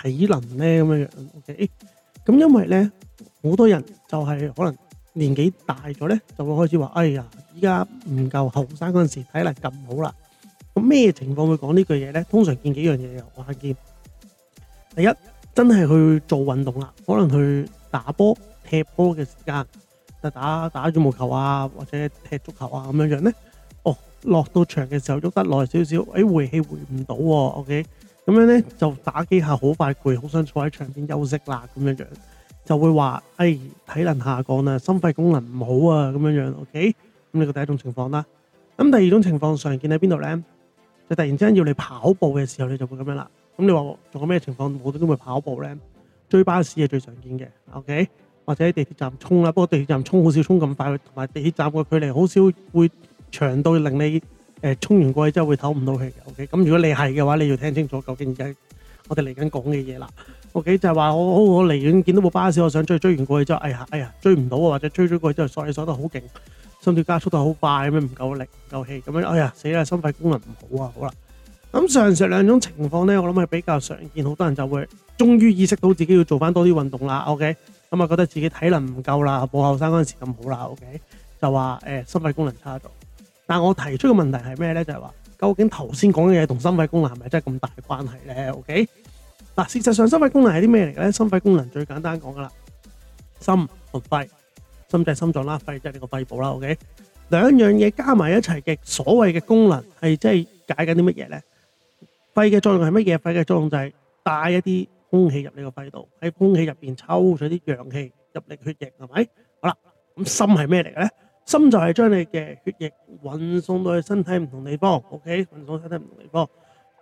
體能咧咁樣樣，OK，咁因為咧好多人就係可能年紀大咗咧，就會開始話：哎呀，依家唔夠後生嗰陣時體能咁好啦。咁咩情況會講呢句嘢咧？通常見幾樣嘢啊我見，第一真係去做運動啦，可能去打波、踢波嘅時間，就打打羽毛球啊，或者踢足球啊咁樣樣咧。哦，落到場嘅時候喐得耐少少，哎回氣回唔到喎，OK。咁樣咧就打機下好快攰，好想坐喺場邊休息啦，咁樣樣就會話，哎，體能下降啦，心肺功能唔好啊，咁樣 OK? 咁樣樣，OK，咁呢個第一種情況啦。咁第二種情況常見喺邊度咧？就突然之間要你跑步嘅時候，你就會咁樣啦。咁你話做做咩情況我都都會跑步咧？追巴士係最常見嘅，OK，或者喺地鐵站衝啦。不過地鐵站衝好少衝咁快，同埋地鐵站嘅距離好少會長到令你。誒衝、呃、完過去之後會唞唔到氣嘅，OK？咁如果你係嘅話，你要聽清楚究竟而家我哋嚟緊講嘅嘢啦，OK？就係話我我離遠見到部巴士，我想追追完過去之後，哎呀哎呀追唔到啊，或者追追過去之後，索氣索得好勁，心跳加速得好快咁樣，唔夠力唔夠氣咁樣，哎呀死啦！心肺功能唔好啊，好啦。咁上述兩種情況咧，我諗係比較常見，好多人就會終於意識到自己要做翻多啲運動啦，OK？咁啊覺得自己體能唔夠啦，冇後生嗰陣時咁好啦，OK？就話誒、呃、心肺功能差咗。但我提出嘅問題係咩咧？就係話究竟頭先講嘅嘢同心肺功能係咪真係咁大關係咧？OK 嗱，事實上心肺功能係啲咩嚟嘅咧？心肺功能最簡單講噶啦，心同肺，心即係心臟啦，肺即係你個肺部啦。OK，兩樣嘢加埋一齊嘅所謂嘅功能係即係解緊啲乜嘢咧？肺嘅作用係乜嘢？肺嘅作用就係帶一啲空氣入你個肺度，喺空氣入邊抽取啲氧氣入你血液，係咪？好啦，咁心係咩嚟嘅咧？心就係將你嘅血液運送到你身體唔同地方，OK，運送身體唔同地方。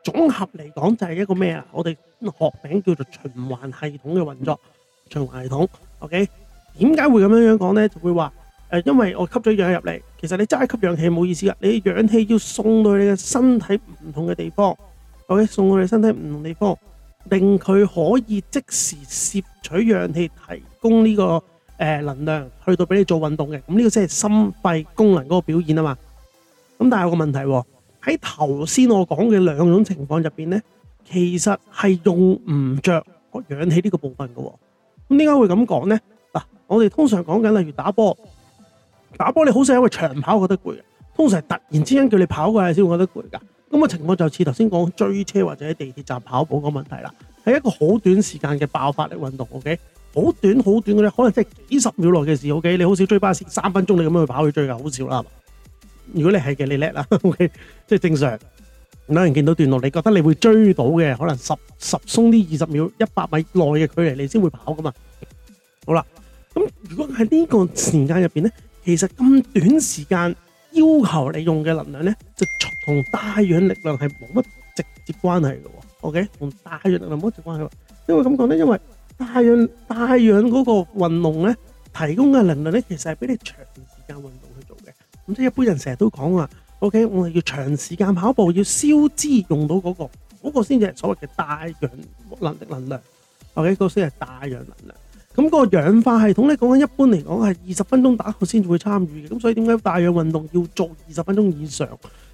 總合嚟講就係一個咩啊？我哋學名叫做循環系統嘅運作，循環系統，OK。點解會咁樣樣講呢？就會話，呃，因為我吸咗氧入嚟，其實你齋吸氧氣冇意思噶，你氧氣要送到你嘅身體唔同嘅地方，OK，送到你身體唔同地方，令佢可以即時攝取氧氣，提供呢個。誒，能量去到俾你做運動嘅，咁呢個先係心肺功能嗰個表現啊嘛。咁但係有個問題喎，喺頭先我講嘅兩種情況入邊咧，其實係用唔着氧氣呢個部分嘅。咁點解會咁講咧？嗱，我哋通常講緊例如打波，打波你好少因為長跑覺得攰嘅，通常係突然之間叫你跑過嚟先會才覺得攰噶。咁、嗰個情況就似頭先講追車或者喺地鐵站跑步嗰個問題啦，係一個好短時間嘅爆發力運動。OK。好短好短嗰啲，可能即係幾十秒內嘅事。OK，你好少追巴士，三分鐘你咁樣去跑去追噶，好少啦。如果你係嘅，你叻啦。O K，即係正常。有人見到段路，你覺得你會追到嘅，可能十十鬆啲二十秒一百米內嘅距離，你先會跑噶嘛？好啦，咁如果喺呢個時間入邊咧，其實咁短時間要求你用嘅能量咧，就同帶氧力量係冇乜直接關係嘅。O K，同帶氧力量冇乜直接關係。因為咁講咧，因為。帶氧帶氧嗰個運動咧，提供嘅能量咧，其實係俾你長時間運動去做嘅。咁即係一般人成日都講話，OK，我係要長時間跑步，要消脂用到嗰、嗰個，嗰、嗰個先至係所謂嘅帶氧能力能量。OK，嗰個先係帶氧能量。咁、那、嗰個氧化系統咧，講緊一般嚟講係二十分鐘打後先至會參與嘅。咁所以點解帶氧運動要做二十分鐘以上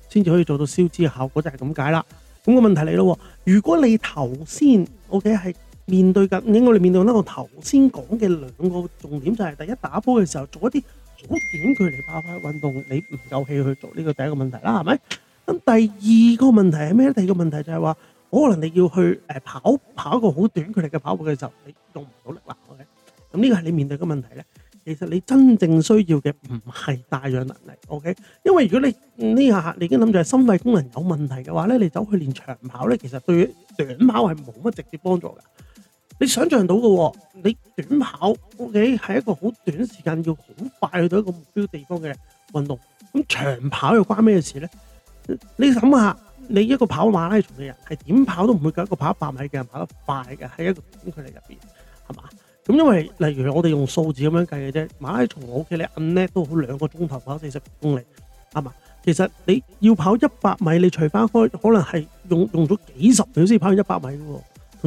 先至可以做到消脂嘅效果，就係咁解啦。咁、嗰個問題嚟咯，如果你頭先 OK 係。面對嘅，我哋面對呢個頭先講嘅兩個重點就係、是、第一，打波嘅時候做一啲好短距離跑跑運動，你唔夠氣去做呢、這個第一個問題啦，係咪？咁第二個問題係咩，第二個問題就係、是、話，可能你要去跑跑一個好短距離嘅跑步嘅時候，你用唔到力啦，咁、okay? 呢個係你面對嘅問題咧。其實你真正需要嘅唔係帶氧能力，OK？因為如果你呢下你已經諗住係心肺功能有問題嘅話咧，你走去練長跑咧，其實對短跑係冇乜直接幫助㗎。你想象到嘅，你短跑 O.K. 係一個好短時間要好快去到一個目標地方嘅運動。咁長跑又關咩事呢？你諗下，你一個跑馬拉松嘅人係點跑都唔會夠一個跑一百米嘅人跑得快嘅喺一個短距離入邊，係嘛？咁因為例如我哋用數字咁樣計嘅啫。馬拉松我 O.K. 你按叻都好兩，兩個鐘頭跑四十公里，係嘛？其實你要跑一百米，你除翻開可能係用用咗幾十秒先跑一百米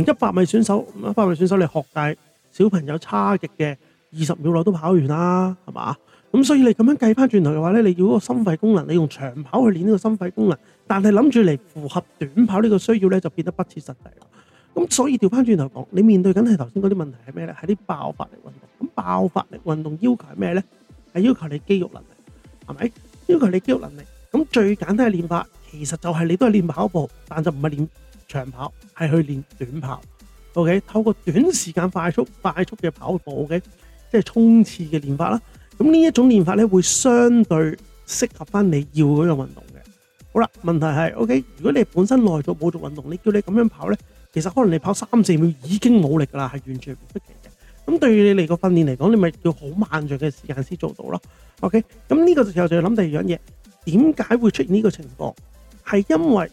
一百米選手，一百米選手，你學大小朋友差極嘅二十秒內都跑完啦，係嘛？咁所以你咁樣計翻轉頭嘅話咧，你要嗰個心肺功能，你用長跑去練呢個心肺功能，但係諗住嚟符合短跑呢個需要咧，就變得不切實際啦。咁所以調翻轉頭講，你面對緊係頭先嗰啲問題係咩咧？係啲爆發力運動。咁爆發力運動要求係咩咧？係要求你肌肉能力，係咪？要求你肌肉能力。咁最簡單嘅練法，其實就係你都係練跑步，但就唔係練。長跑係去練短跑，OK？透過短時間快速，快速嘅跑步，OK，即係衝刺嘅練法啦。咁呢一種練法咧，會相對適合翻你要嗰樣運動嘅。好啦，問題係 OK？如果你本身耐做冇做運動，你叫你咁樣跑咧，其實可能你跑三四秒已經冇力噶啦，係完全唔出奇嘅。咁對於你嚟個訓練嚟講，你咪要好漫長嘅時間先做到咯。OK？咁呢個時候就要諗第二樣嘢，點解會出現呢個情況？係因為，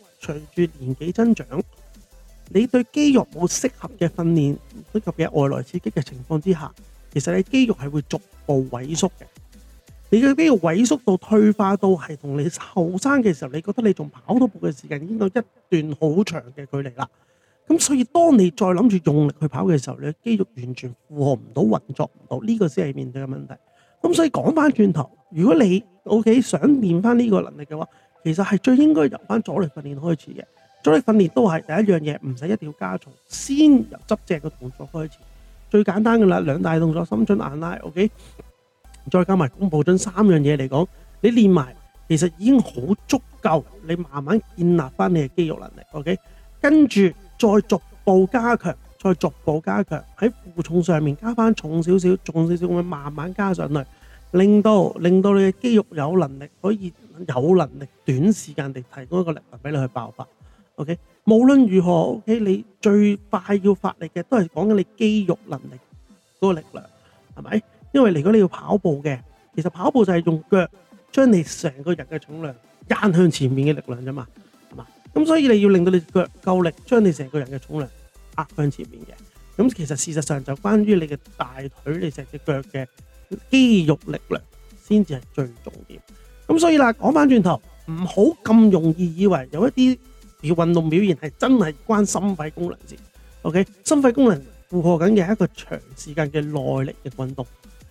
隨住年紀增長，你對肌肉冇適合嘅訓練，唔適合嘅外來刺激嘅情況之下，其實你肌肉係會逐步萎縮嘅。你嘅肌肉萎縮到退化到係同你後生嘅時候，你覺得你仲跑到步嘅時間，已經到一段好長嘅距離啦。咁所以，當你再諗住用力去跑嘅時候，你肌肉完全負荷唔到、運作唔到，呢個先係面對嘅問題。咁所以講翻轉頭，如果你 O.K. 想練翻呢個能力嘅話，其實係最應該由翻阻力訓練開始嘅，阻力訓練都係第一樣嘢，唔使一定要加重，先由執正嘅動作開始，最簡單嘅啦，兩大動作深蹲、硬拉，OK，再加埋弓步蹲，三樣嘢嚟講，你練埋其實已經好足夠，你慢慢建立翻你嘅肌肉能力，OK，跟住再逐步加強，再逐步加強，喺負重上面加翻重少少，重少少會慢慢加上去。令到令到你嘅肌肉有能力，可以有能力短時間地提供一個力量俾你去爆發。OK，無論如何，OK，你最快要發力嘅都係講緊你肌肉能力嗰個力量，係咪？因為如果你要跑步嘅，其實跑步就係用腳將你成個人嘅重量壓向前面嘅力量啫嘛，係嘛？咁所以你要令到你腳夠力，將你成個人嘅重量壓向前面嘅。咁其實事實上就關於你嘅大腿，你成隻腳嘅。肌肉力量先至係最重點，咁所以啦，講翻轉頭，唔好咁容易以為有一啲嘅運動表現係真係關心肺功能先。OK，心肺功能負荷緊嘅係一個長時間嘅耐力嘅運動，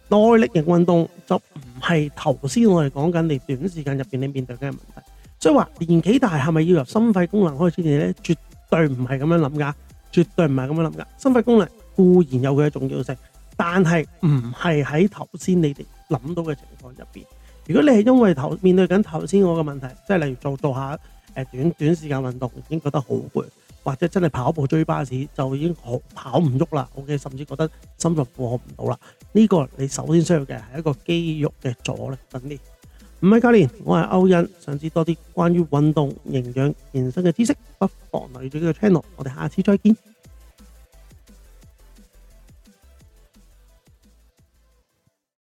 耐力嘅運動就唔係頭先我哋講緊你短時間入邊你面對嘅問題。所以話年紀大係咪要由心肺功能開始嘅呢？絕對唔係咁樣諗噶，絕對唔係咁樣諗噶。心肺功能固然有佢嘅重要性。但係唔係喺頭先你哋諗到嘅情況入邊。如果你係因為頭面對緊頭先我嘅問題，即係例如做做下誒短短時間運動已經覺得好攰，或者真係跑步追巴士就已經好跑唔喐啦，OK，甚至覺得心臟負荷唔到啦。呢個你首先需要嘅係一個肌肉嘅阻力訓練。唔係教練，我係歐恩，想知多啲關於運動、營養、健身嘅知識，不妨留住呢個 channel。我哋下次再見。